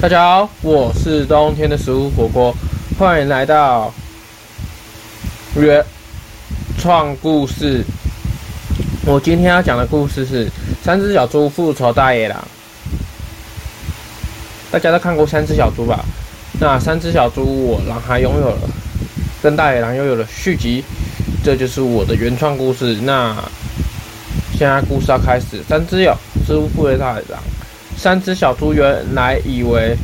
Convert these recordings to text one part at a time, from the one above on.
大家好，我是冬天的食物火鍋，歡迎來到原創故事。我今天要講的故事是《三隻小豬復仇大野狼》。大家都看過《三隻小豬》吧？那《三隻小豬》我讓它擁有了，跟大野狼擁有了續集，這就是我的原創故事。那現在故事要開始，三隻有《三隻小豬復仇大野狼》。三隻小豬原來以為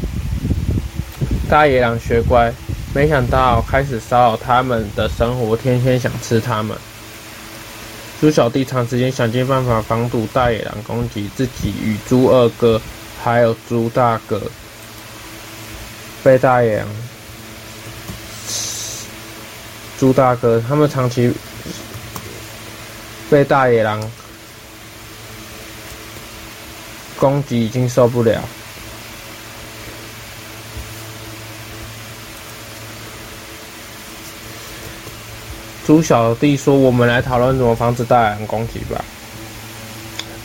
大野狼學乖，沒想到開始騷擾他們的生活，天天想吃他們。豬小弟長時間想盡辦法防堵大野狼攻擊自己，與豬二哥還有豬大哥被大野狼，豬大哥他們長期被大野狼，攻擊已經受不了。豬小弟說：“我們來討論怎麼防止大野狼攻擊吧。”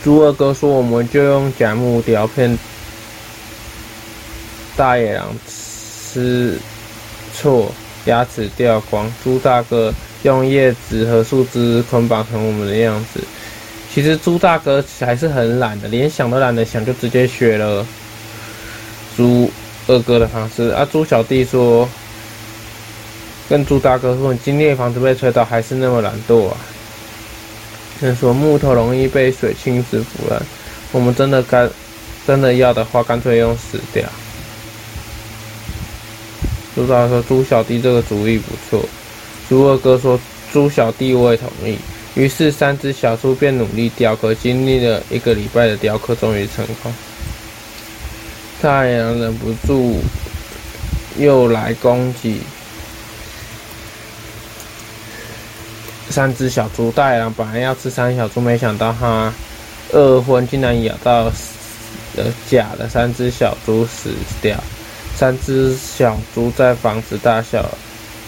豬二哥說：“我們就用假木雕騙大野狼吃錯，牙齒掉光。”豬大哥用葉子和樹枝捆綁成我們的樣子。其實豬大哥還是很懶的，連想都懶得想，就直接學了豬二哥的方式。啊，豬小弟說：“跟豬大哥說，你今天的房子被吹倒，還是那麼懶惰啊。”他說：“木頭容易被水侵蝕腐爛，我們真的幹，真的要的話，乾脆用死掉。”豬大哥說：“豬小弟這個主意不錯。”豬二哥說：“豬小弟，我也同意。”於是，三隻小豬便努力雕刻。經歷了一個禮拜的雕刻，終於成功。大野狼忍不住又來攻擊三隻小豬。大野狼本來要吃三隻小豬，沒想到它餓昏，竟然咬到的假的三隻小豬死掉。三隻小豬在房子大笑。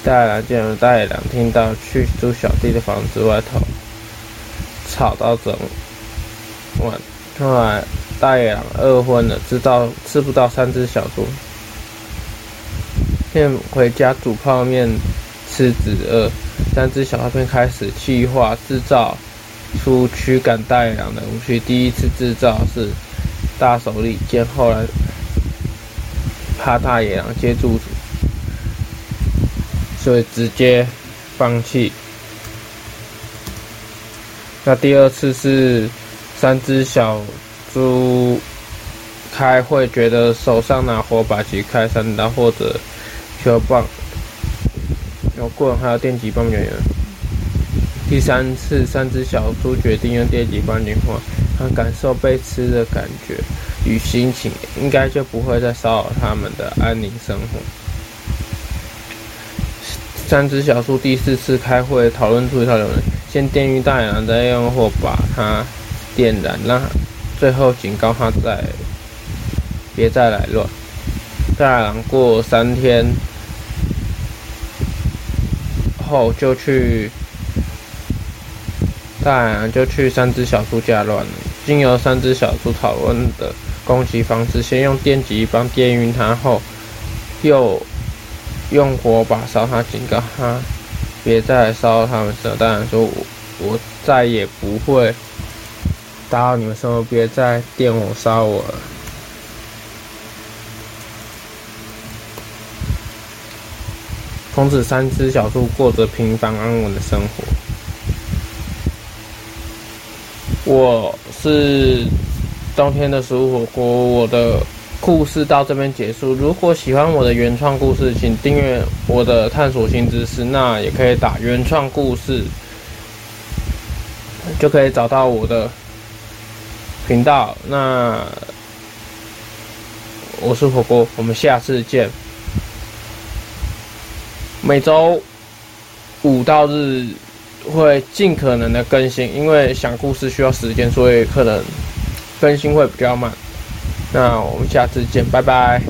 大野狼見了，大野狼聽到，去豬小弟的房子外頭吵到整晚，後來大野狼餓昏了，知道吃不到三隻小豬，便回家煮泡麵吃止餓。三隻小豬便開始計劃製造出驅趕大野狼的武器。第一次製造是大手裏劍，見後來怕大野狼接住。就所以直接放棄。那第二次是三隻小豬開會，覺得手上拿火把及開山刀或者球棒，有、哦、棍還有電擊棒有第三次，三隻小豬決定用電擊棒淨化，讓他感受被吃的感覺與心情，應該就不會再騷擾他們的安寧生活。三隻小豬第四次開會討論出一套流程：先電暈大野狼，再用火把它點燃，然後最後警告他再別再來亂。大野狼過三天後就去，大野狼就去三隻小豬家亂了。經由三隻小豬討論的攻擊方式：先用電擊棒電暈它，後又。用火把燒他，警告他，別再燒他們樹。當然，我我再也不會打擾你們生活，別再電我、燒我了。從此，三隻小豬過着平凡安穩的生活。我是冬天的食物火鍋，我的。故事到這邊結束。如果喜歡我的原創故事，請訂閱我的探索新知識，那也可以打“原創故事”，就可以找到我的頻道。那我是火鍋，我們下次見。每周五到日會盡可能的更新，因為想故事需要時間，所以可能更新會比較慢。那我們下次見，拜拜。